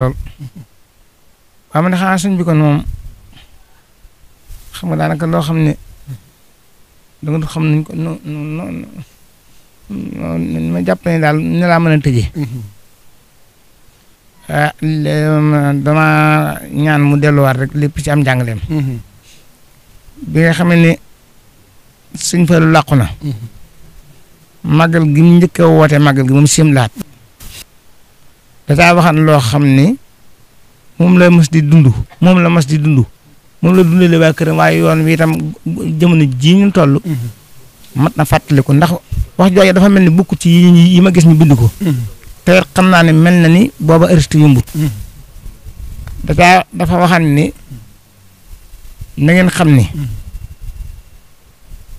lool waaw man xanaa sëñ daanaka loo xam ne da nga xam nuñ ko no jàpp daal ne laa mën a tëjee. ah ñaan mu delluwaat rek lépp ci am njàngaleem. bi xam ne sëñ Fallu làqu na. màggal mm-hmm. gi mu njëkk a woote màggal gi moom dafa waxan loo xam ne moom la mas di dund moom la mas di dund moom la dundale waa këram waaye yoon wi itam jamono jii ñu toll. Mm-hmm. mat na fàttaliku ndax wax jooju dafa mel ni bukk ci yi ma gis ñu bind ko. Mm-hmm. te xam naa ne mel na ni booba Aristo yombut. Mm-hmm. dafa dafa waxan ni na ngeen xam ni.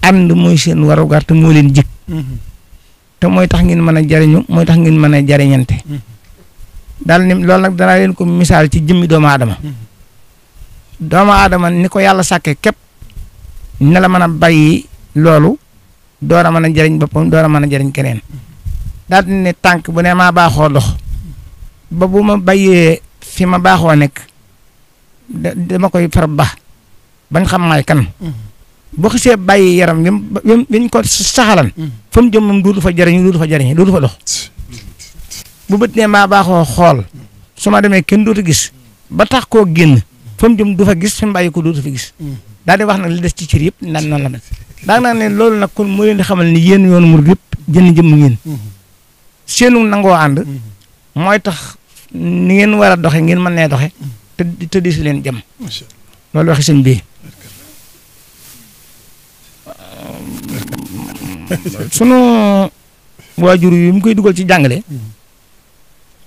ànd mooy seen warugar te moo leen jig. te mooy tax ngeen mën a jariñu mooy tax ngeen mën a jariñante. daal ni loolu nag danaa leen ko misaal ci jëmmi doomu adama hmm. doomu aadama ni ko yàlla sàkkee képp ne la mën a bàyyi loolu door a mën a jëriñ boppam door a mën a jëriñ keneen daal di ne tànk bu ne maa baaxoo dox ba bu ma bàyyee fi ma baaxoo nekk dama koy far baax bañ xam maay kan. Hmm. boo xisee bàyyi yaram yam yam ko saxalan. Hmm. fa mu jëm moom duutu fa jëriñ duutu fa jëriñ bu bët nee maa baaxoo xool su ma demee kenn dootu gis ba tax koo génn fa mu jëm du gis fi mu bàyyi ko dootu fa gis daal di wax na li des ci cër yëpp na nan la mel daa naa ne loolu nag kon moo leen di xamal ni yéen yoonu mur yëpp jënd jëmm ngeen seenu nangoo ànd mooy tax ni ngeen war a doxe ngeen mën nee doxe te te di si leen jëm loolu waxi sëñ bi sunu waajur yi mu koy dugal ci jàngale mm-hmm.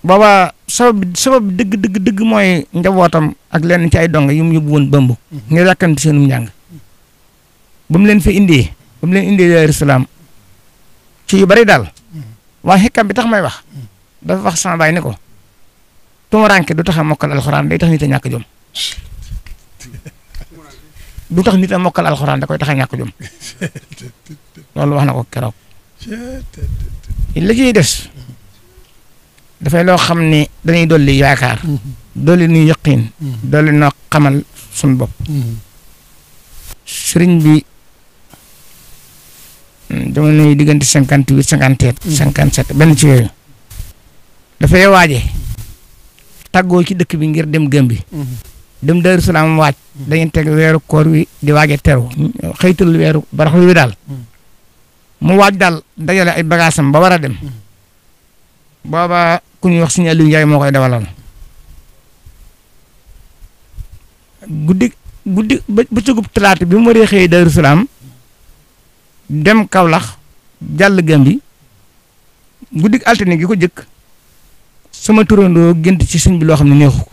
booba sabab sabab dëgg dëgg dëgg mooy njabootam ak lenn ci ay dong yu mu yóbbu woon bëmb ñu bum leen fa indee ba mu leen indee Daaru Salaam ci yu bari daal mhm. waaye xekkam bi tax may wax mhm. dafa wax sama baay ne ko tumuranke du tax a mokkal alxuraan day tax nit a ñàkk jom du tax nit a mokkal alxuraan da koy tax a ñàkk jom loolu wax na ko keroog la ciy des dafay loo xam ne dañuy dolli yaakaar. Mm-hmm. dolli nuy yëqiin. Mm-hmm. dolli noo xamal suñ bopp. Mm-hmm. sëriñ bi mm, jamono yi diggante cinquante huit cinquante sept. cinquante sept benn ci yooyu. dafay waaje taggoo ci dëkk bi ngir dem Gàmbi. dem Daaru Salaam waaj. dañuy teg weeru koor wi di waaje teru. xëytal weeru baraxlu wi dal mu waaj daal dajale ay bagaasam ba war a dem. booba ku ñuy wax suñu Aliou Ndiaye moo koy dawalal guddi guddi ba bëccëgub talaat bi mu waree xëyee Daaru Salaam dem kawlax jàll Gambi guddi altine gi ko jëkk sama turandoo gént ci sëñ bi loo xam ne neexu ko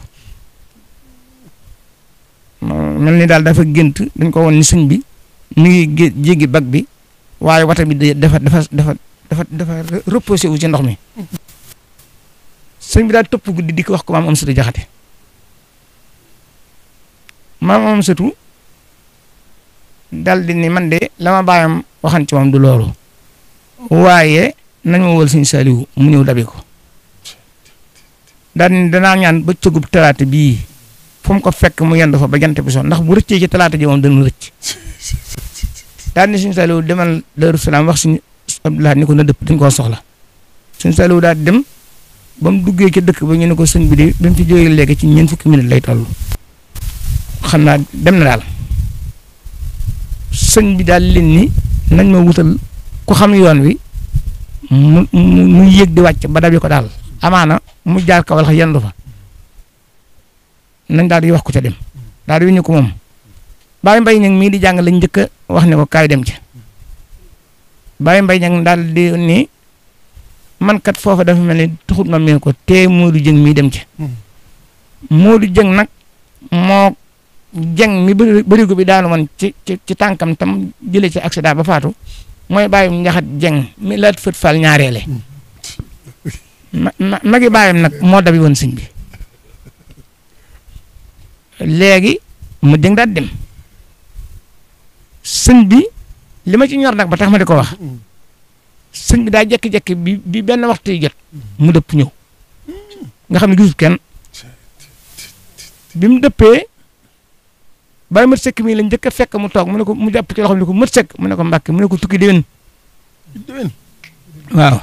mel ni daal dafa gént dañ ko woon ni sëñ bi mi ngi jéggi bag bi waaye wata bi dafa dafa dafa dafa dafa reposé wu ci ndox mi sëñ bi daal topp guddi di ko wax ko maam am satu jaxate maam dal di ni man de la ma bàyyam waxan ci moom du loolu waaye nañ ma wol sëñ Saliou mu ñëw dabi ko daal ni danaa ñaan ba cëgub talaata bii fu ko fekk mu yendu fa ba jant bi soon ndax bu rëccee ci talaata ji moom dana rëcc daal ni sëñ Saliou demal Daaru Salaam wax sëñ Abdoulaye ni na dëpp dañ koo soxla sëñ Saliou daal dem ba mu duggee ci dëkk ba ñu ne ko sëñ bi di ba mu fi jógee léegi ci ñeent fukki minute lay toll naa dem na daal sëñ bi daal leen ni nañ ma wutal ku xam yoon wi mu mu di wàcc ba dabi ko daal amaana mu jaar kawal xa yendu fa nañ daal di wax ko ca dem daal di ñu ko moom Baye Mbaye ñang mii di jàng lañ njëkk wax ne ko kaay dem ca Baye Mbaye ñang daal di ni man kat foofa dafa mel ni taxut ma mel ko te Modou Dieng mii dem ci. Hmm. Modou Dieng nag moo Dieng mi bëri bërigo bi daanu woon ci ci ci tànkam tam jëlee ci accident ba faatu mooy bàyyum njaxat Dieng mi laat fët fal ñaareele. Hmm. ma ma magi bàyyam nag moo dabi woon sëñ bi léegi mu Dieng daal dem sëñ bi li ma ci ñor nag ba tax ma di ko wax. Hmm. sëñ bi daa jékki-jékki bi bi benn waxtu yi jot mu dëpp ñëw nga xam ne gisul kenn bi mu dëppee bàyyi mët mii la njëkk fekk mu toog mu ne ko mu jàpp ci loxoom ne ko mët mu ne ko mbàkk mu ne ko tukki déwén waaw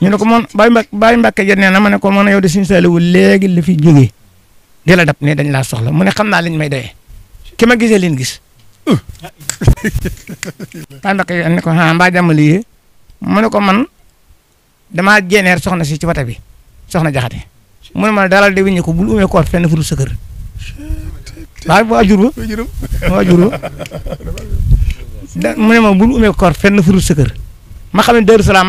ñu ne ko moon bàyyi mbàkk bàyyi mbàkk jot nee na ma ne ko mën a yow de Sëñ la fi jógee di la dab ne dañ laa soxla mu ne xam naa lañ may doyee ki ma gisee leen gis. Uh. ah mbàkk ne ko ah mbaa jàmm lii mu ko man damaa génneer soxna si ci wata bi soxna jaxate mu ne ma dalal de wiññi ko bul umee koor fenn furu sa kër waaye bu ajur ma bul umee koor fenn furu sa kër ma xam ne